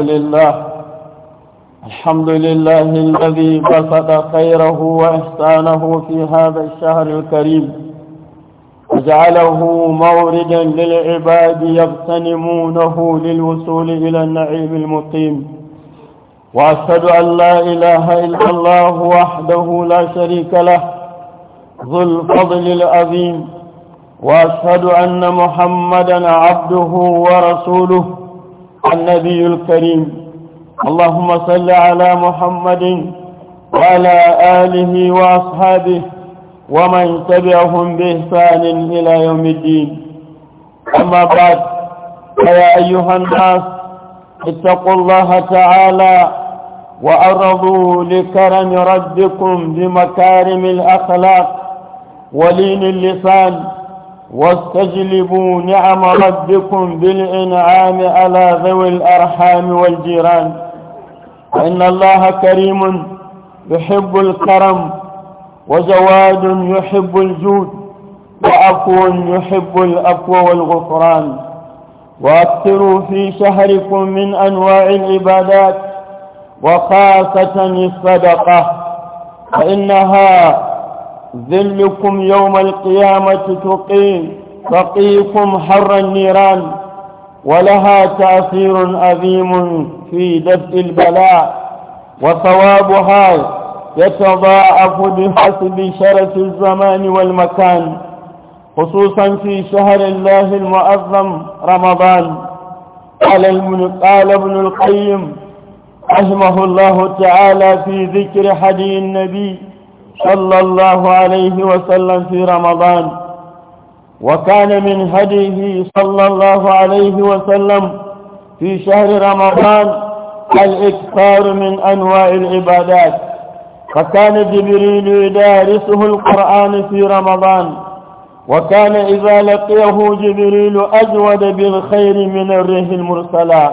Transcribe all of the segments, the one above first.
لله الحمد لله الذي بسط خيره وإحسانه في هذا الشهر الكريم وجعله موردا للعباد يغتنمونه للوصول إلى النعيم المقيم وأشهد أن لا إله إلا الله وحده لا شريك له ذو الفضل العظيم وأشهد أن محمدا عبده ورسوله النبي الكريم اللهم صل على محمد وعلى آله وأصحابه ومن تبعهم بإحسان إلى يوم الدين أما بعد فيا أيها الناس اتقوا الله تعالى وأرضوا لكرم ربكم بمكارم الأخلاق ولين اللسان واستجلبوا نعم ربكم بالإنعام على ذوي الأرحام والجيران فإن الله كريم يحب الكرم وجواد يحب الجود وعفو يحب العفو والغفران وأكثروا في شهركم من أنواع العبادات وخاصة الصدقة فإنها ذلكم يوم القيامة تقيم تقيكم حر النيران ولها تأثير عظيم في دفء البلاء وثوابها يتضاعف بحسب شرف الزمان والمكان خصوصا في شهر الله المعظم رمضان قال ابن القيم رحمه الله تعالى في ذكر حديث النبي صلى الله عليه وسلم في رمضان وكان من هديه صلى الله عليه وسلم في شهر رمضان الإكثار من أنواع العبادات فكان جبريل يدارسه القرآن في رمضان وكان إذا لقيه جبريل أجود بالخير من الريح المرسلة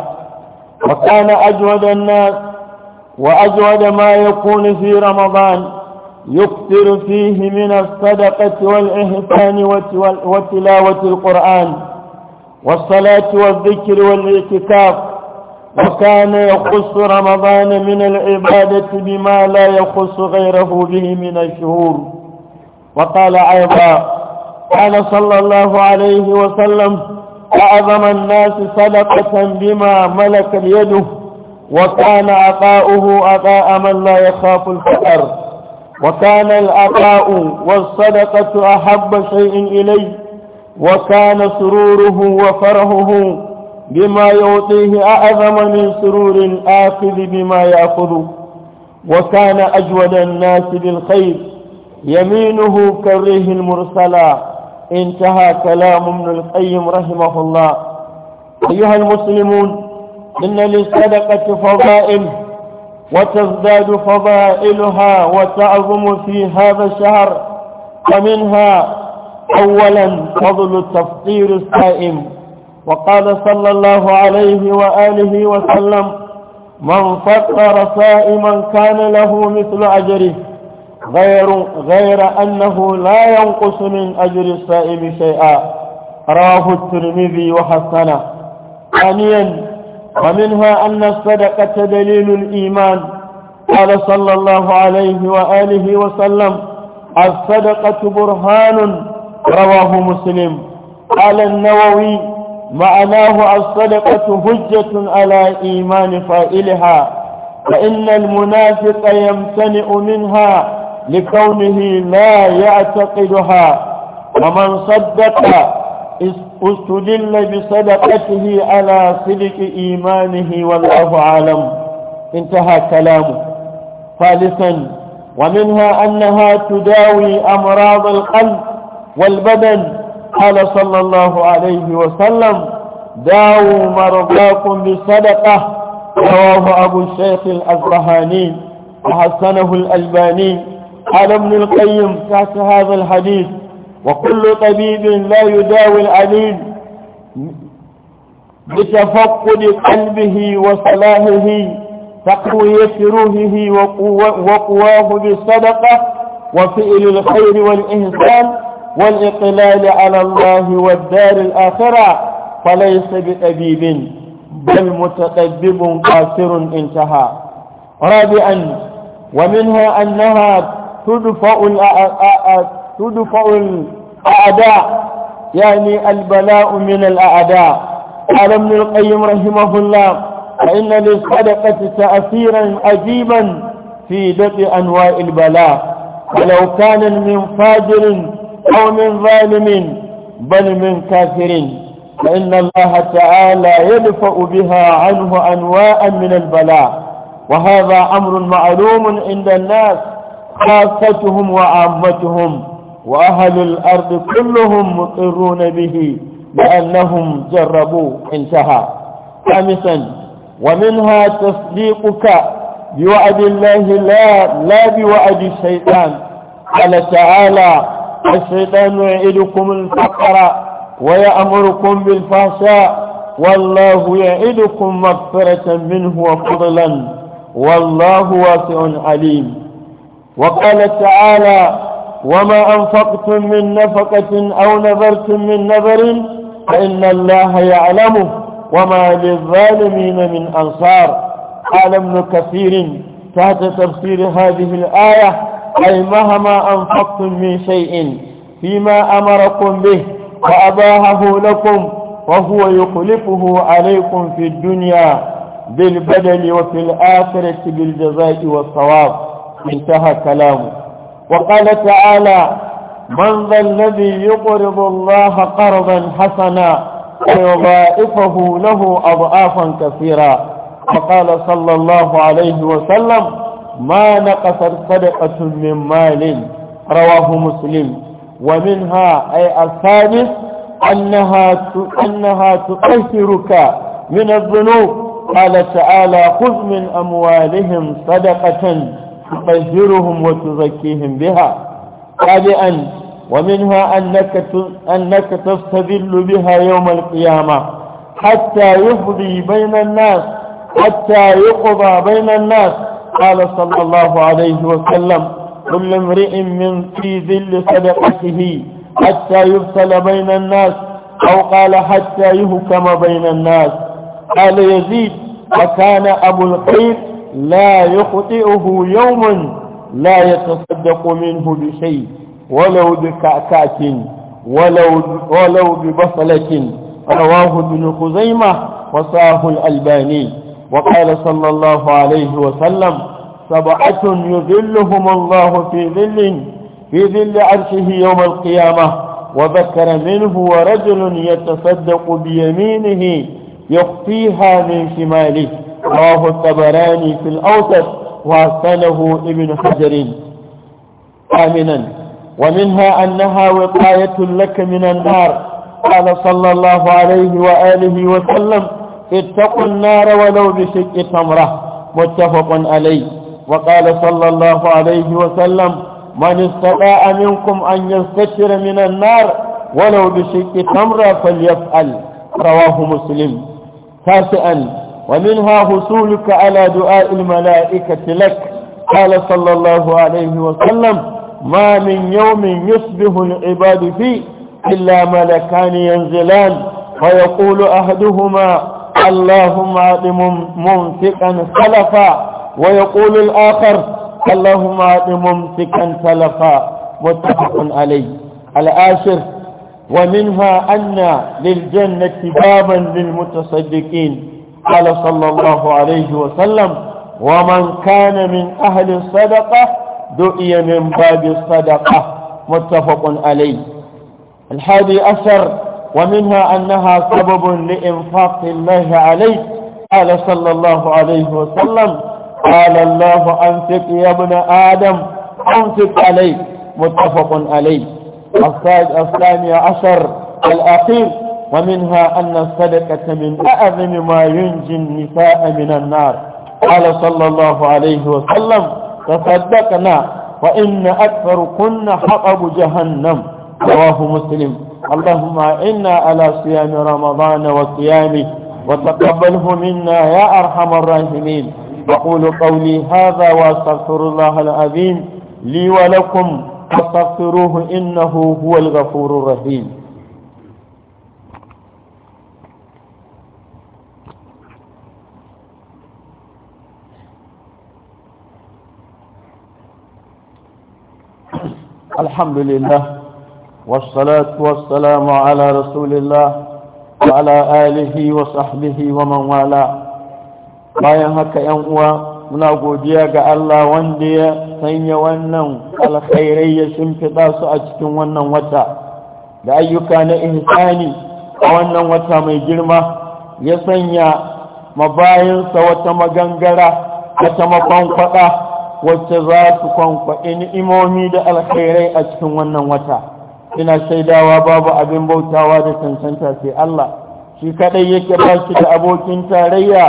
وكان أجود الناس وأجود ما يكون في رمضان يكثر فيه من الصدقة والإحسان وتلاوة القرآن والصلاة والذكر والاعتكاف وكان يخص رمضان من العبادة بما لا يخص غيره به من الشهور وقال أيضا قال صلى الله عليه وسلم أعظم الناس صدقة بما ملك يده وكان عطاؤه عطاء من لا يخاف الفقر وكان العطاء والصدقة أحب شيء إليه وكان سروره وفرحه بما يعطيه أعظم من سرور آخذ بما يأخذه وكان أجود الناس بالخير يمينه كريه المرسلة انتهى كلام ابن القيم رحمه الله أيها المسلمون إن للصدقة فضائل وتزداد فضائلها وتعظم في هذا الشهر ومنها أولا فضل التفطير الصائم وقال صلى الله عليه وآله وسلم من فطر صائما كان له مثل أجره غير, غير أنه لا ينقص من أجر الصائم شيئا راه الترمذي وحسنه ثانيا ومنها أن الصدقة دليل الإيمان قال صلى الله عليه وآله وسلم الصدقة برهان رواه مسلم قال النووي معناه الصدقة هجة على إيمان فائلها فإن المنافق يمتنع منها لكونه لا يعتقدها ومن صدق استدل بصدقته على صدق إيمانه والله أعلم انتهى كلامه ثالثا ومنها أنها تداوي أمراض القلب والبدن قال صلى الله عليه وسلم داووا مرضاكم بالصدقة رواه أبو الشيخ الأزرهاني وحسنه الألباني قال ابن القيم تحت هذا الحديث وكل طبيب لا يداوي العليل بتفقد قلبه وصلاحه تقوية روحه وقواه بالصدقة وفعل الخير والإنسان والإقلال على الله والدار الآخرة فليس بطبيب بل متطبب قاسر انتهى رابعا ومنها أنها تدفع تدفع أعداء يعني البلاء من الأعداء قال ابن القيم رحمه الله فإن للصدقة تأثيرا عجيبا في دفع أنواع البلاء ولو كان من فاجر أو من ظالم بل من كافر فإن الله تعالى يدفع بها عنه أنواع من البلاء وهذا أمر معلوم عند الناس خاصتهم وعامتهم وأهل الأرض كلهم مقرون به لأنهم جربوا انتهى خامسا ومنها تصديقك بوعد الله لا لا بوعد الشيطان قال تعالى الشيطان يعدكم الفقر ويأمركم بالفحشاء والله يعدكم مغفرة منه وفضلا والله واسع عليم وقال تعالى وما أنفقتم من نفقة أو نذرتم من نذر فإن الله يعلمه وما للظالمين من أنصار قال ابن كثير تحت تفسير هذه الآية أي مهما أنفقتم من شيء فيما أمركم به وأباهه لكم وهو يخلفه عليكم في الدنيا بالبدل وفي الآخرة بالجزاء والصواب انتهى كلامه وقال تعالى من ذا الذي يقرض الله قرضا حسنا ويضاعفه له أضعافا كثيرا فقال صلى الله عليه وسلم ما نقصت صدقة من مال رواه مسلم ومنها أي الثالث أنها أنها تطهرك من الذنوب قال تعالى خذ من أموالهم صدقة تطهرهم وتزكيهم بها تابعا ومنها أنك, أنك تستذل بها يوم القيامة حتى يفضي بين الناس حتى يقضى بين الناس قال صلى الله عليه وسلم كل امرئ من في ذل صدقته حتى يرسل بين الناس أو قال حتى يهكم بين الناس قال يزيد وكان أبو الخير لا يخطئه يوما لا يتصدق منه بشيء ولو بكعكعة ولو ولو ببصلة رواه ابن خزيمة وصاه الألباني وقال صلى الله عليه وسلم سبعة يذلهم الله في ظل في ظل عرشه يوم القيامة وذكر منه ورجل يتصدق بيمينه يخفيها من شماله رواه الطبراني في الأوسط وحسنه ابن حجر آمنا ومنها أنها وقاية لك من النار قال صلى الله عليه وآله وسلم اتقوا النار ولو بشق تمرة متفق عليه وقال صلى الله عليه وسلم من استطاع منكم أن يستشر من النار ولو بشق تمرة فليفعل رواه مسلم تاسعا ومنها حصولك على دعاء الملائكة لك قال صلى الله عليه وسلم ما من يوم يصبح العباد فيه إلا ملكان ينزلان فيقول أحدهما اللهم أعطم ممسكا سلفا ويقول الآخر اللهم أعط ممسكا سلفا متفق عليه العاشر ومنها أن للجنة بابا للمتصدقين قال صلى الله عليه وسلم ومن كان من أهل الصدقة دعي من باب الصدقة متفق عليه الحادي عشر ومنها أنها سبب لإنفاق الله عليه قال صلى الله عليه وسلم قال الله أنفق يا ابن آدم أنفق عليه متفق عليه الثاني عشر الأخير ومنها أن الصدقة من أعظم ما ينجي النساء من النار قال صلى الله عليه وسلم تصدقنا وإن أكثر كن حطب جهنم رواه مسلم اللهم إنا على صيام رمضان وصيامه وتقبله منا يا أرحم الراحمين أقول قولي هذا وأستغفر الله العظيم لي ولكم فاستغفروه إنه هو الغفور الرحيم الحمد لله والصلاة والسلام على wa الله وعلى آله وصحبه ومن والاه bayan haka yan uwa muna godiya ga Allah wanda ya sanya wannan alkhairai ya shimfiɗa su a cikin wannan wata da ayyuka na ihsani a wannan wata mai girma ya sanya mabayinsa wata magangara wata mafankwada wacce za su kwankwaɗe ni'imomi da alkhairai a cikin wannan wata ina shaidawa babu abin bautawa da cancanta sai Allah shi kaɗai yake ba shi da abokin tarayya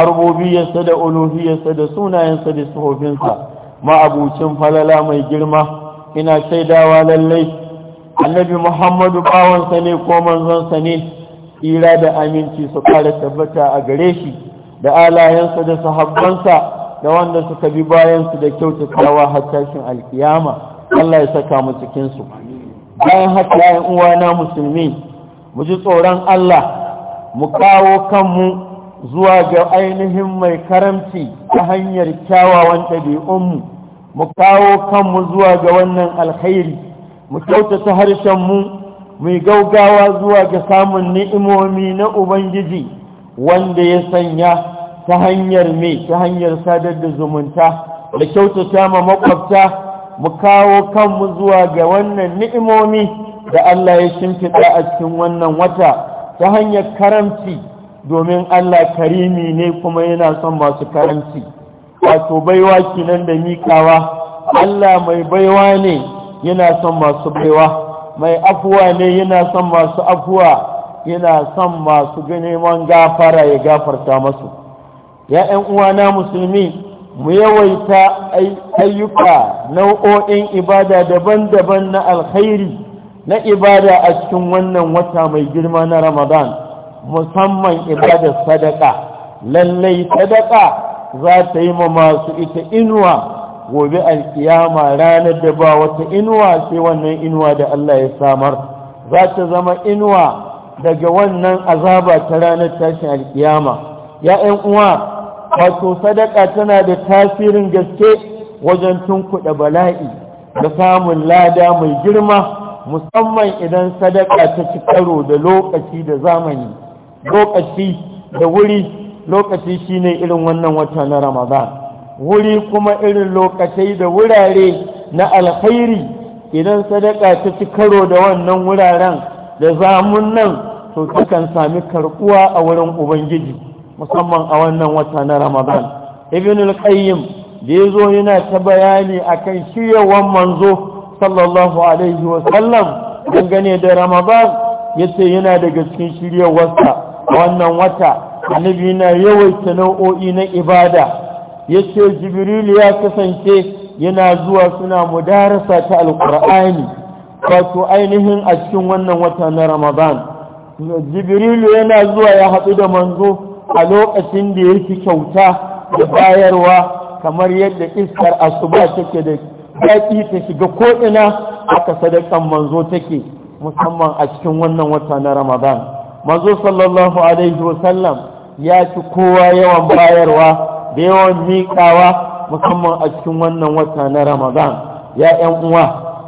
a rububiyarsa da uluhiyarsa da sunayensa da suhofinsa ma'abucin falala mai girma ina shaidawa lallai annabi muhammadu bawansa ne ko manzonsa ne tsira da aminci su kara tabbata a gare shi da alayensa da sahabbansa da wanda suka bi bayansu da kyautatawa har tashin alkiyama Allah ya saka mu cikin su bayan haka Uwa uwana musulmi mu ji tsoron Allah mu kawo kanmu zuwa ga ainihin mai karamci ta hanyar kyawawan ɗabi'unmu mu kawo kanmu zuwa ga wannan alkhairi mu kyautata harshenmu mu yi gaugawa zuwa ga samun ni'imomi na ubangiji wanda ya sanya ta hanyar me ta hanyar sadar da zumunta da kyautata ma makwabta mu kawo kanmu zuwa ga wannan ni'imomi da Allah ya shimfiɗa a cikin wannan wata ta hanyar karamci domin Allah karimi ne kuma yana son masu karamci wato baiwa kinan da miƙawa Allah mai baiwa ne yana son masu baiwa mai afuwa ne yana son masu afuwa yana son masu ganeman gafara ya gafarta masu ya ‘yan uwana musulmi mu yawaita ayyuka nau'o'in ibada daban-daban na alkhairi na ibada a cikin wannan wata mai girma na ramadan musamman ibadar sadaka lallai sadaka za ta yi ma masu ita inuwa gobe alkiyama ranar da ba wata inuwa sai wannan inuwa da Allah ya samar za ta zama inuwa daga wannan azaba ta ranar tashin alkiyama ya ‘yan uwa wato sadaka tana da tasirin gaske wajen tunkuɗa bala'i da samun lada mai girma musamman idan sadaka ta ci karo da lokaci da zamani lokaci da wuri lokaci shine irin wannan wata na ramadan wuri kuma irin lokacai da wurare na alkhairi idan sadaka ta ci karo da wannan wuraren da zamun nan to takan sami karkuwa a wurin ubangiji musamman a wannan wata na ramadan ibn al-qayyim da ya yana ta bayani akan shiyawan manzo sallallahu alaihi wasallam dangane da ramadan yace yana daga cikin shiryawarsa a wannan wata annabi na yawaita nau'o'i na ibada yace ce jibril ya kasance yana zuwa suna mudarasa ta alkur'ani wato ainihin a cikin wannan wata na ramadan jibril yana zuwa ya haɗu da manzo a lokacin da yake kyauta da bayarwa kamar yadda iskar asuba take da daɗi ta shiga ko'ina aka sadakan manzo take musamman a cikin wannan wata na ramadan manzo sallallahu alaihi wasallam ya ci kowa yawan bayarwa da yawan miƙawa musamman a cikin wannan wata na ramadan ya ‘yan uwa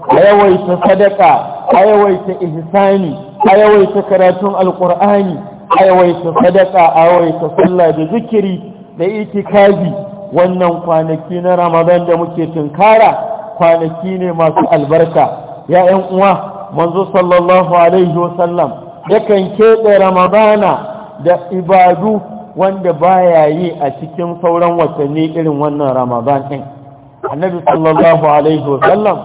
a yawaita sadaka a yawaita ihsani a yawaita karatun alƙur'ani a yawaita sadaka a sallah da zikiri da itikadi wannan kwanaki na ramadan da muke tunkara kwanaki ne masu albarka ya yan uwa manzo sallallahu alaihi wasallam yakan keɓe ramadana da ibadu wanda baya yi a cikin sauran watanni irin wannan ramadan ɗin annabi sallallahu alaihi wasallam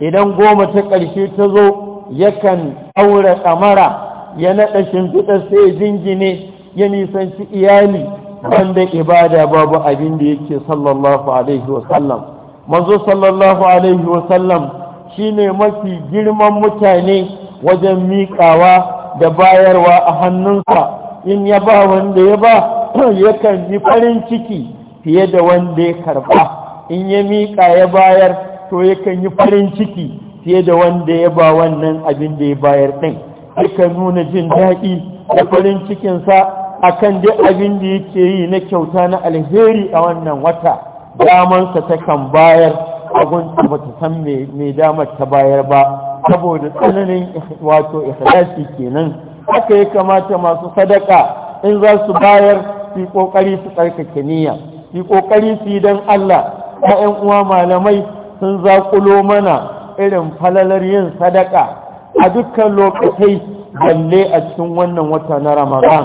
idan goma ta ƙarshe ta zo yakan aure ɗamara ya naɗa shimfiɗa sai jingine ya nisanci iyali wanda ibada babu abin da yake sallallahu alaihi wasallam manzo sallallahu alaihi wasallam shine mafi girman mutane wajen miƙawa da bayarwa a hannunsa in ya ba wanda ya ba yakan yi farin ciki fiye da wanda ya karba in ya miƙa ya bayar to yakan yi farin ciki fiye da wanda ya ba wannan abin da ya bayar ɗin aka nuna jin daɗi da farin cikinsa a kan duk abin da yake yi na kyauta na alheri a wannan wata damansa ta kan bayar abinta ba ta san mai damar ta bayar ba saboda tsananin wato ikhlasi kenan haka ya kamata masu sadaka in za su bayar su kokari su tsarkake niyya su kokari su yi don Allah ƴaƴan uwa malamai sun zakulo mana irin falalar yin sadaka a dukkan lokacai balle a cikin wannan wata na ramadan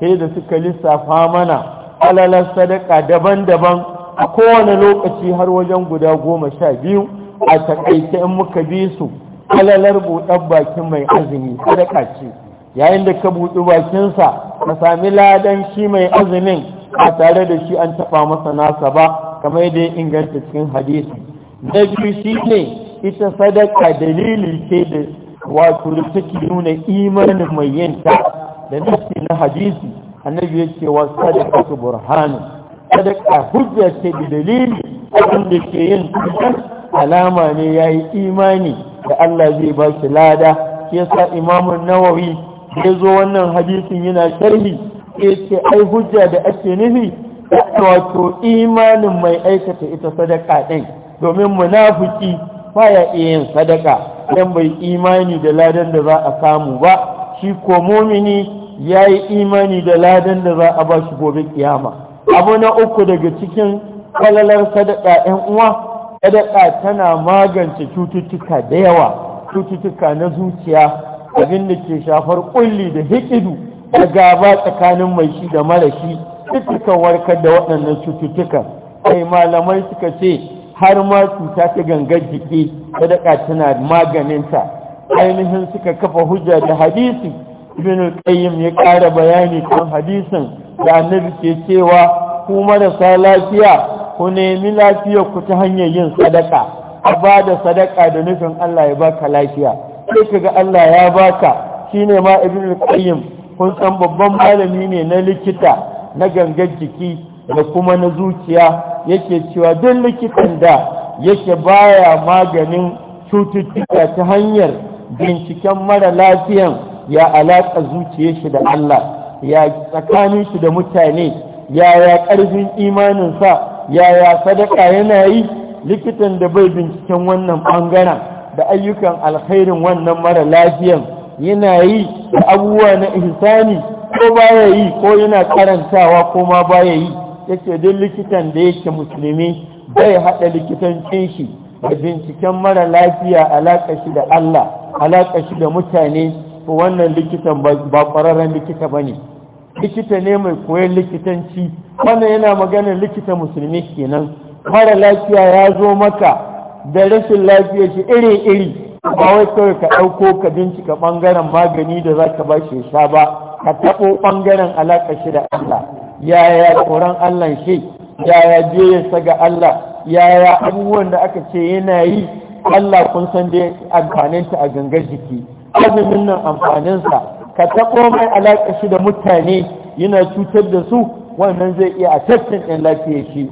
sai da suka lissafa mana alalar sadaka daban-daban a kowane lokaci har wajen guda goma sha biyu a takaice in muka bi su alalar buɗar bakin mai azumi sadaka ce yayin da ka buɗi bakinsa ka sami ladan shi mai azumin a tare da shi an taɓa masa nasa ba kamar yadda ya inganta cikin hadisi na biyu shi ne ita sadaka dalili ce da wato da take nuna imanin mai yanta da nufi na hadisi annabi ya ce wa sadaka su burhanu sadaka hujja ce da dalili wanda ke yin tutar alama ne ya yi imani da Allah zai ba shi lada shi yasa imamun nawawi ya zo wannan hadisin yana sharhi ya ce ai hujja da ake nufi wato imanin mai aikata ita sadaka ɗin domin munafiki baya iya yin sadaka dan bai imani da ladan da za a samu ba shi ko mumini ya yi imani da ladan da za a ba shi gobe kiyama abu na uku daga cikin kwalalar sadaka yan uwa sadaka tana magance cututtuka da yawa cututtuka na zuciya abin da ke shafar kulli da hikidu da gaba tsakanin mai shi da mara shi Cututtukan warkar da waɗannan cututtuka sai malamai suka ce har ma cuta ta gangar jiki sadaka tana maganinta ainihin suka kafa hujja da hadisi ibn qayyim ya ƙara bayani kan hadisin da annabi ke cewa ku marasa lafiya ku nemi lafiya ku ta hanyar yin sadaka a ba da sadaka da nufin Allah ya baka lafiya sai ga Allah ya baka shine ma ibn qayyim kun san babban malami ne na likita na gangar jiki da kuma na zuciya yake cewa duk likitan da yake baya maganin cututtuka ta hanyar binciken mara lafiyan ya alaƙa zuciya shi da Allah ya tsakanin shi da mutane yaya ƙarfin imaninsa yaya sadaka yana yi likitan da bai binciken wannan ɓangaren da ayyukan alkhairin wannan mara lafiyan yana yi da abubuwa na ihsani ko baya yi ko yana karantawa ko ma baya yi yace duk likitan da yake musulmi bai haɗa likitancin shi da binciken mara lafiya alaƙa shi da Allah alaƙa shi da mutane ko wannan likitan ba ƙwararren likita ba ne likita ne mai koyon likitanci wannan yana maganar likita musulmi kenan mara lafiya ya zo maka da rashin lafiya shi iri-iri ba wai kawai ka ɗauko ka bincika ɓangaren magani da za ka ba shi sha ba ka taɓo ɓangaren alaƙa shi da Allah yaya tsoron Allah shi yaya juyarsa ga Allah yaya abubuwan da aka ce yana yi Allah kun san dai amfaninta a gangar jiki azumin nan amfaninsa ka taɓo mai alaƙa shi da mutane yana cutar da su wannan zai iya a tattin ɗin lafiyar shi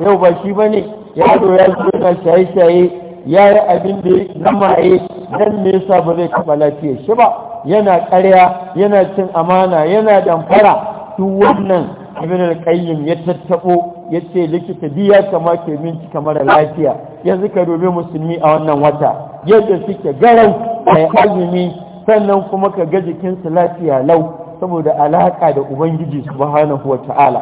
yau ba shi ba ne zo ya zo na shaye-shaye ya yi abin da ya maye don me yasa ba zai taɓa lafiyar shi ba yana ƙarya yana cin amana yana damfara duk wannan ibn al-qayyim ya tattabo yace likita biya kama ke minci kamar lafiya yanzu ka dobe musulmi a wannan wata yadda suke garau mai azumi sannan kuma ka ga su lafiya lau saboda alaka da ubangiji subhanahu wata'ala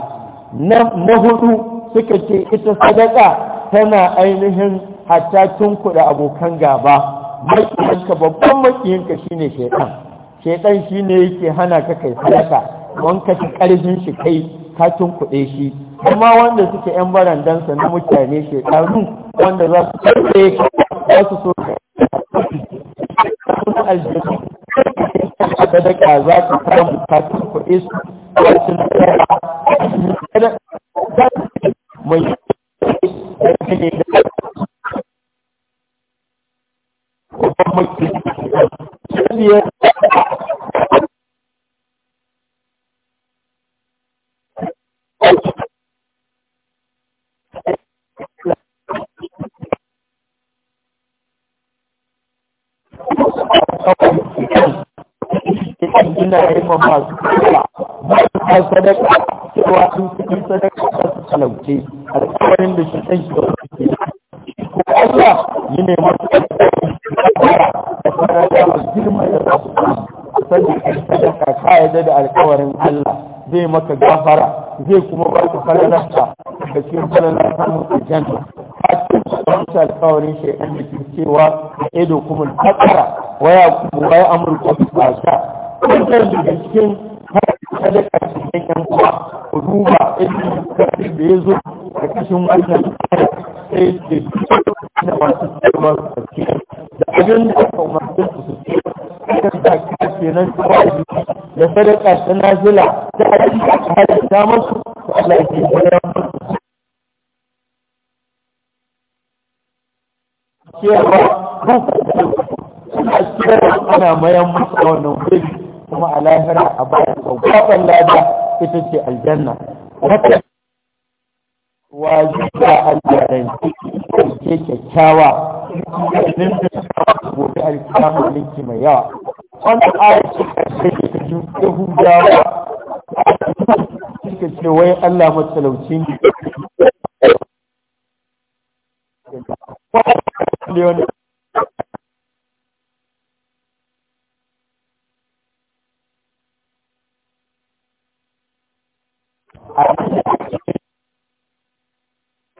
na hudu suka ce ita sadaka tana ainihin hatta tunkuda abokan gaba ka babban makiyanka shine shaytan shaytan shine yake hana ka kai sadaka wanka ka karfin shi kai ka kuɗe shi amma wanda suke yan barandansa na mutane shekaru wanda za su karfe za su so kuma aljihu a daga za su kuɗe su sadaka ba su ta sadaka cewa sun cikin sadaka ba su talauce alƙawarin da shi ɗan shi ba ke ko Allah yi ne masu sadaka da sadaka a girma da za su samu sadaka sadaka ka yarda da alƙawarin Allah zai maka gafara zai kuma ba ka falalarsa da cikin falalar samun aljanna wasu alkawarin shaidan da ke cewa edo kuma takara waya amurka a sa. Wannan da cikin sadaka cikin yan uwa ku duba irin karfi da ya zo a cikin wannan kare sai da na masu tsarmar gaskiya da abin da aka umarci su su ce kan da ka kenan kawai da da sadaka ta nazila ta halitta masu to Allah ya ke bayar masu ciyarwa ba sa da suna ciyarwa ana mayan masa wannan wuri kuma a lahira a bayan gaugaban lada ita ce aljanna haka wajiba aljaran ke kyakkyawa idan da gobe alkiyama linki mai yawa Wani ayar ce karshe da ta ji yahudawa suka ce wai allah matalauci ne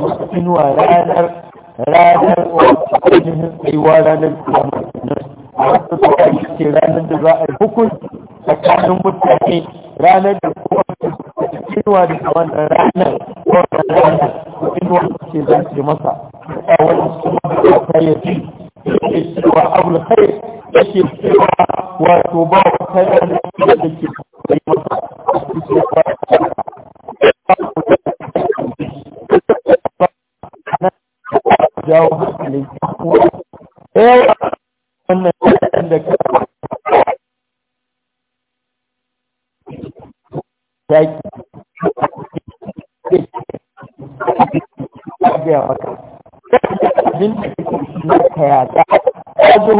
masu wa ranar ranar ainihin tsayuwa ranar kiyama a wasu suka ce ranar da za a yi hukunci tsakanin mutane ranar da kuma inuwa da wannan ranar wannan ranar inuwa ce za su yi masa a wani kuma da ta yi fi yake cewa abu da kai ya yake cewa wato ba wata kai da ke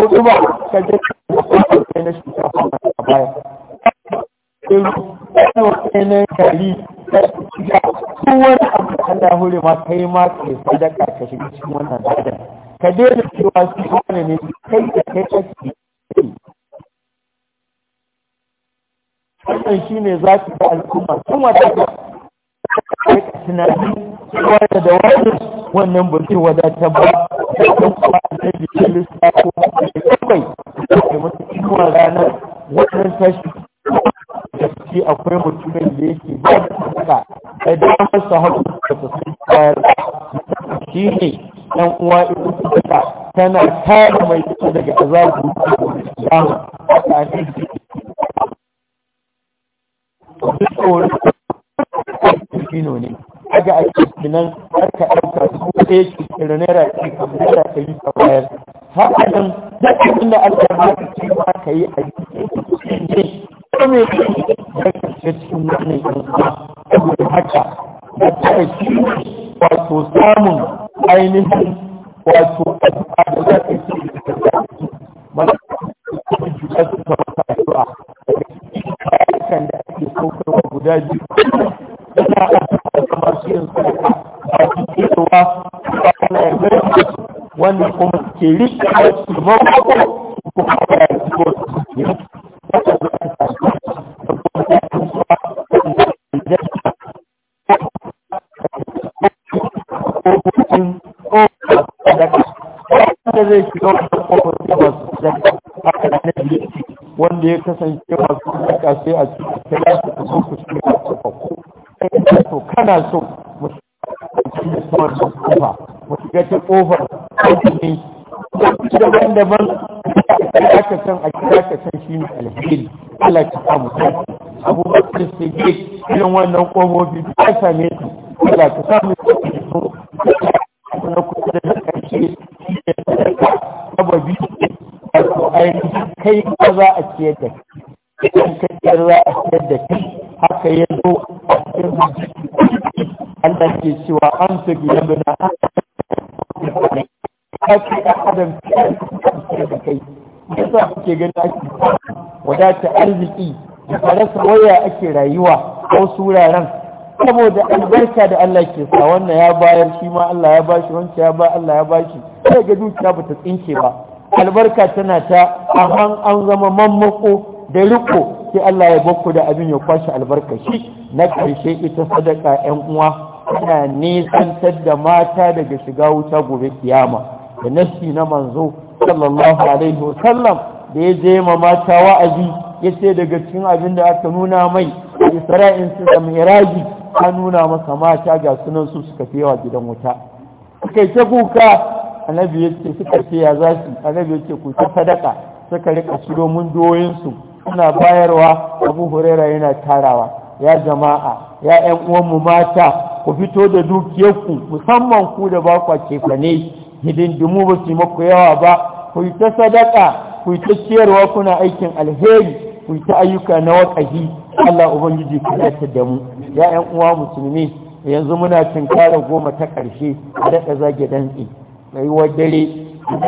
hudu ba ka je kai na shinkafa a baya kai na gari ko wani abu da Allah hure ma kai ma ke sadaka ka shiga cikin wannan sadaka ka daina cewa su wani ne kai da kai kake wannan ne za su ga al'umma kuma ta tunani wanda da wannan wannan ba zai wadatar ba don kuma da jikin lissa ko da kawai da mutu inuwa ranar wannan tashi da suke akwai mutumin da yake ba da suka da damar su haɗu da su sun bayar shi ne ɗan uwa ibu suka tana tara mai ita daga azabu dama a tsanin jiki ne aje a cikin nan aka ɗauka su ɗaya ke kira naira ke kamar naira ta yi ta bayar haka nan da abin da aka ba ce ma ka yi a cikin ne ko me ke da ka ce cikin wannan yanzu saboda haka da tare shi wato samun ainihin wato addu'a da za ka ce da ta ce ba za ka ce da ta Ba da ta ce da ake saukarwa guda biyu ke rike ko ya ko zai shiga wata da na wanda ya kasance masu zaka sai a cikin kira su su ku shi da to kana so mu shiga ta kofar mu shiga ta kofar ne lokaci daban-daban aka san a kira ka san shi Allah ta samu ta ke irin wannan kofofi ta same su Allah ta samu ta na kusa da kai ba za a ciyar da ka za a ciyar da kai haka ya Allah ke cewa an su gina bana ake da adam kai da kai yasa kuke gani ake wadata arziki da rasa waya ake rayuwa a wasu saboda albarka da Allah ke sa wannan ya bayar shi ma Allah ya bashi wancan ya ba Allah ya bashi sai ga dukiya bata tsince ba albarka tana ta an an zama mammako da riko sai Allah ya bakku da abin ya kwashe albarka shi na karshe ita sadaka yan uwa tana nisantar da mata daga shiga wuta gobe kiyama da nashi na manzo sallallahu alaihi wasallam da ya je ma mata wa'azi ya ce daga cikin abin da aka nuna mai isra'in su da miraji an nuna masa mata ga sunan su suka fewa gidan wuta suka yi ta kuka annabi ya ce suka ce ya za su annabi ya ce ku ta sadaka suka rika shiro mun su suna bayarwa abu huraira yana tarawa ya jama'a ya ƴan uwanmu mata ku fito da dukiyarku musamman ku da ba kekwane kefane hidindimu ba su maku yawa ba ku ta sadaka ku ta ciyarwa kuna aikin alheri ku ta ayyuka na waƙahi Allah ubangiji ku dace da mu ya ƴan uwa musulmi yanzu muna cinkara goma ta ƙarshe a daɗa zage dantsi tsayuwar dare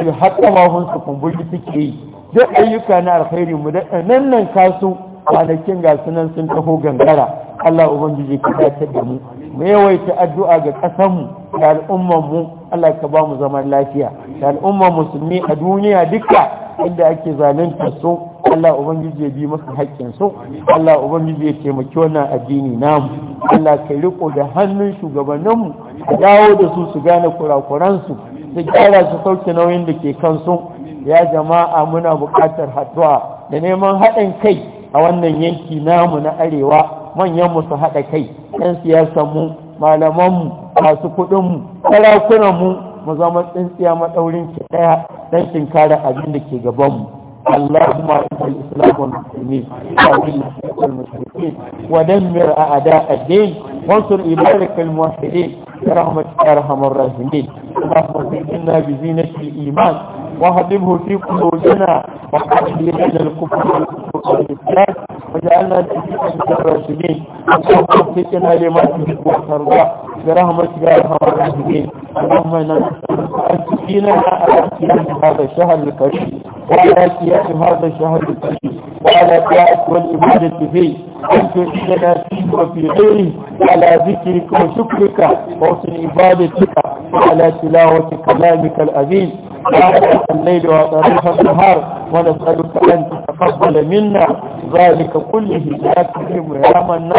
su hatta su kumburi suke yi duk ayyuka na alheri mu daɗa nan nan kasu kwanakin ga sunan sun taho gangara Allah ubangiji ka dace da mu mu yawaita addu'a ga ƙasanmu. da al'ummar mu Allah ka ba mu zaman lafiya da al'ummar musulmi a duniya duka inda ake zalunta su Allah ubangiji ya bi masa haƙƙin su Allah ubangiji ya taimaki wannan addini namu Allah ka riko da hannun shugabanninmu a dawo da su su gane kurakuransu su gyara su sauke nauyin da ke kansu ya jama'a muna buƙatar haɗuwa da neman haɗin kai a wannan yanki namu na arewa manyanmu su haɗa kai ‘yan siyasanmu malamanmu masu kuɗinmu sarakunanmu mu zama tsintsiya maɗaurin ki ɗaya don shinkara abin da ke gabanmu اللهم اعز الاسلام والمسلمين واذل المشركين ودمر اعداء الدين وانصر عبادك الموحدين برحمتك يا ارحم الراحمين اللهم زينا بزينه الايمان وهدمه في قلوبنا واحفظ بين الكفر والكفر وجعلنا واجعلنا الراشدين الراشدين ووفقنا لما تحب وترضى برحمتك يا ارحم الراحمين اللهم انا نسالك ان تكيلنا على هذا الشهر الكريم وعلى سياق هذا الشهر الكريم وعلى سياق والعبادة فيه أن تعيننا فيه وفي غيره على ذكرك وشكرك وحسن عبادتك وعلى تلاوة كلامك الأمين آخر الليل وطريف النهار ونسألك أن تتقبل منا ذلك كله لا تكرم يا من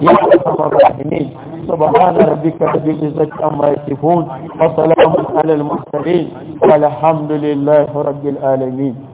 يا أرحم الراحمين سبحان ربك رب العزة عما يصفون وسلام على المرسلين والحمد لله رب العالمين